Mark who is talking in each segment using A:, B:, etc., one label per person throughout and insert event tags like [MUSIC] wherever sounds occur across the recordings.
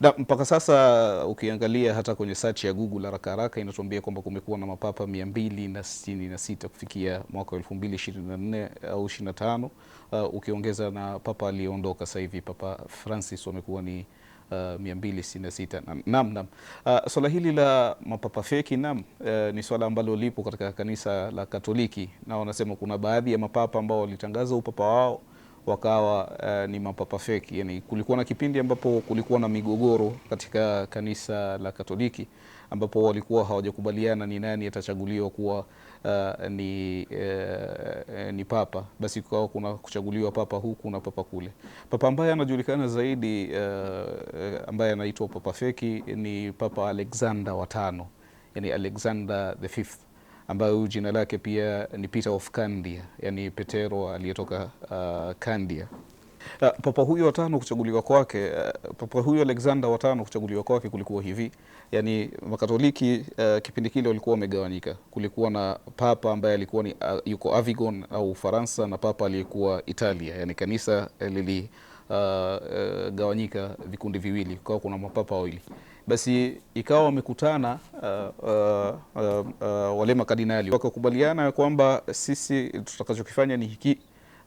A: Na mpaka sasa ukiangalia hata kwenye search ya Google haraka haraka inatuambia kwamba kumekuwa na mapapa 266 kufikia mwaka 2024 au 25, uh, ukiongeza na papa aliyeondoka sasa hivi Papa Francis wamekuwa ni uh, 266. Naam, naam. Uh, swala hili la mapapa feki naam, uh, ni swala ambalo lipo katika kanisa la Katoliki na wanasema kuna baadhi ya mapapa ambao walitangaza upapa wao wakawa uh, ni mapapa feki. Yani kulikuwa na kipindi ambapo kulikuwa na migogoro katika kanisa la Katoliki ambapo walikuwa hawajakubaliana ni nani atachaguliwa kuwa uh, ni, uh, ni papa. Basi kukawa kuna kuchaguliwa papa huku na papa kule. Papa ambaye anajulikana zaidi uh, ambaye anaitwa papa feki ni Papa Alexander wa tano, yani Alexander the fifth ambayo jina lake pia ni Peter of Candia, yani Petero aliyetoka uh, Candia. Uh, papa huyo watano kuchaguliwa kwake uh, papa huyo Alexander watano kuchaguliwa kwake kulikuwa hivi, yani Makatoliki uh, kipindi kile walikuwa wamegawanyika. Kulikuwa na papa ambaye alikuwa ni uh, yuko Avignon au Ufaransa na papa aliyekuwa Italia, yani kanisa lili uh, uh, gawanyika vikundi viwili, kwa kuna mapapa wawili, basi ikawa wamekutana uh, uh, uh, uh, wale makadinali wakakubaliana kwamba sisi tutakachokifanya ni hiki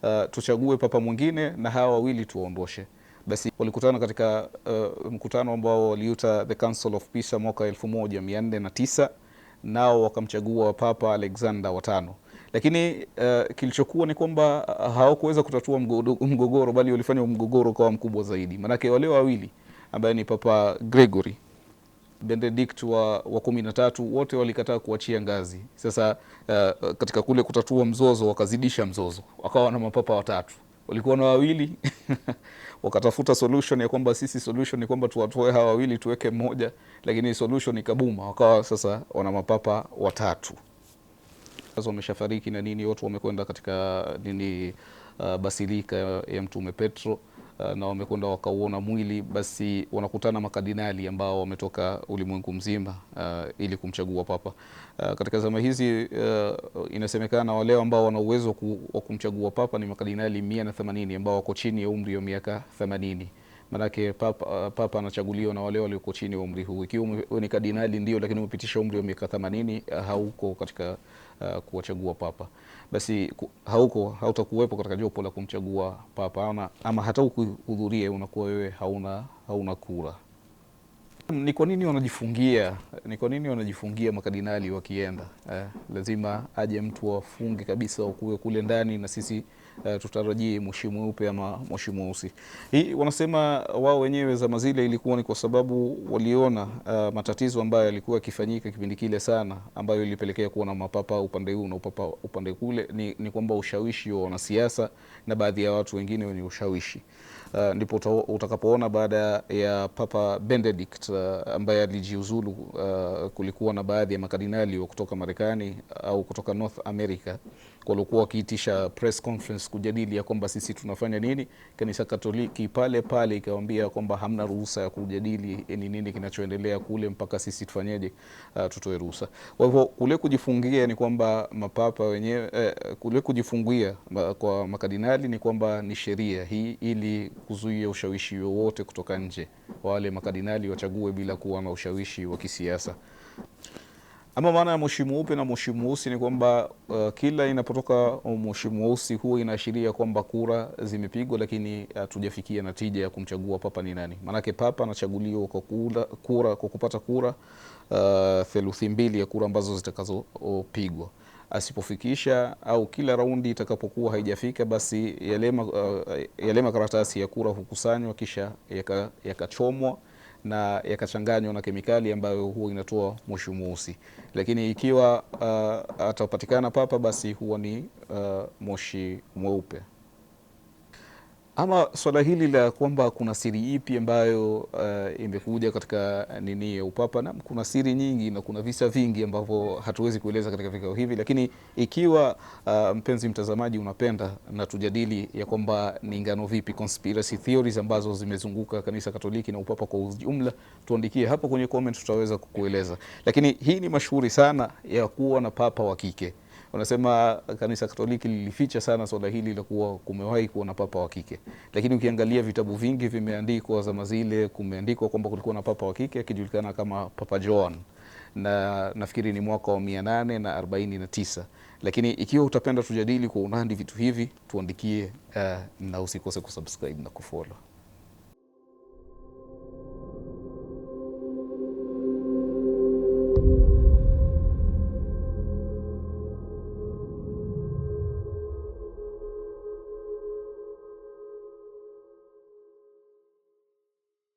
A: uh, tuchague papa mwingine na hawa wawili tuwaondoshe. Basi walikutana katika uh, mkutano ambao waliuta the Council of Pisa mwaka 1409 nao wakamchagua Papa Alexander tano lakini uh, kilichokuwa ni kwamba ah, hawakuweza kutatua mgogoro, bali walifanya mgogoro kwa mkubwa zaidi. Maanake wale wawili ambaye ni Papa Gregory Benedict wa, wa kumi na tatu wote walikataa kuachia ngazi. Sasa uh, katika kule kutatua mzozo wakazidisha mzozo, wakawa na mapapa watatu walikuwa na wawili [LAUGHS] wakatafuta solution ya kwamba sisi solution ni kwamba tuwatoe hawa wawili tuweke mmoja, lakini solution ikabuma, wakawa sasa wana mapapa watatu wameshafariki na nini, watu wamekwenda katika nini, uh, basilika ya Mtume Petro uh, na wamekwenda wakauona mwili. Basi wanakutana makadinali ambao wametoka ulimwengu mzima uh, ili kumchagua papa uh, katika zama hizi uh, inasemekana wale ambao wana uwezo wa kumchagua papa ni na 180 ambao wako chini ya umri wa miaka 80 maanake papa, papa anachaguliwa na wale walioko chini wa umri huu. Ikiwa ni kardinali ndio, lakini umepitisha umri wa miaka 80 eh, hauko katika uh, kuwachagua papa, basi hauko hautakuwepo katika jopo la kumchagua papa ama, ama hata ukuhudhurie unakuwa wewe hauna, hauna kura. Ni kwa nini wanajifungia, ni kwa nini wanajifungia makadinali wakienda? Eh, lazima aje mtu wafunge kabisa, wakuwe kule ndani na sisi uh, tutarajie moshi mweupe ama moshi mweusi. Hii wanasema wao wenyewe zama zile ilikuwa ni kwa sababu waliona uh, matatizo ambayo yalikuwa yakifanyika kipindi kile sana, ambayo ilipelekea kuwa na mapapa upande huu na upapa upande kule, ni, ni kwamba ushawishi wa wanasiasa na baadhi ya watu wengine wenye ushawishi Uh, ndipo utakapoona baada ya Papa Benedict uh, ambaye alijiuzulu uh, kulikuwa na baadhi ya makardinali wa kutoka Marekani au kutoka North America walikuwa wakiitisha press conference kujadili ya kwamba sisi tunafanya nini. Kanisa Katoliki pale pale ikawambia kwamba hamna ruhusa ya kujadili eh, ni nini kinachoendelea kule mpaka sisi tufanyeje, uh, tutoe ruhusa. Kwa hivyo kule kujifungia ni kwamba mapapa wenyewe eh, kule kujifungia kwa makadinali ni kwamba ni sheria hii ili kuzuia ushawishi wowote kutoka nje, wale makadinali wachague bila kuwa na ushawishi wa kisiasa. Ama maana ya moshi mweupe na moshi mweusi ni kwamba uh, kila inapotoka uh, moshi mweusi huwa inaashiria kwamba kura zimepigwa, lakini hatujafikia uh, natija ya kumchagua papa ni nani. Maanake papa anachaguliwa kwa kula, kura kwa kupata kura uh, theluthi mbili ya kura ambazo zitakazopigwa asipofikisha au kila raundi itakapokuwa haijafika basi yale, uh, yale makaratasi ya kura hukusanywa kisha yakachomwa yaka na yakachanganywa na kemikali ambayo huwa inatoa moshi mweusi. Lakini ikiwa uh, atapatikana papa, basi huwa ni uh, moshi mweupe. Ama swala hili la kwamba kuna siri ipi ambayo uh, imekuja katika eh, nini ya upapa, na kuna siri nyingi na kuna visa vingi ambavyo hatuwezi kueleza katika vikao hivi, lakini ikiwa uh, mpenzi mtazamaji unapenda na tujadili ya kwamba ni ngano vipi conspiracy theories ambazo zimezunguka kanisa Katoliki na upapa kwa ujumla, tuandikie hapo kwenye comment, tutaweza kukueleza. Lakini hii ni mashuhuri sana ya kuwa na papa wa kike wanasema kanisa Katoliki lilificha sana swala hili la kuwa kumewahi kuwa na papa wa kike, lakini ukiangalia vitabu vingi vimeandikwa zama zile, kumeandikwa kwamba kulikuwa na papa wa kike akijulikana kama Papa John na nafikiri ni mwaka wa mia nane na arobaini na tisa. Lakini ikiwa utapenda tujadili kwa unandi vitu hivi, tuandikie uh, na usikose kusubscribe na kufollow.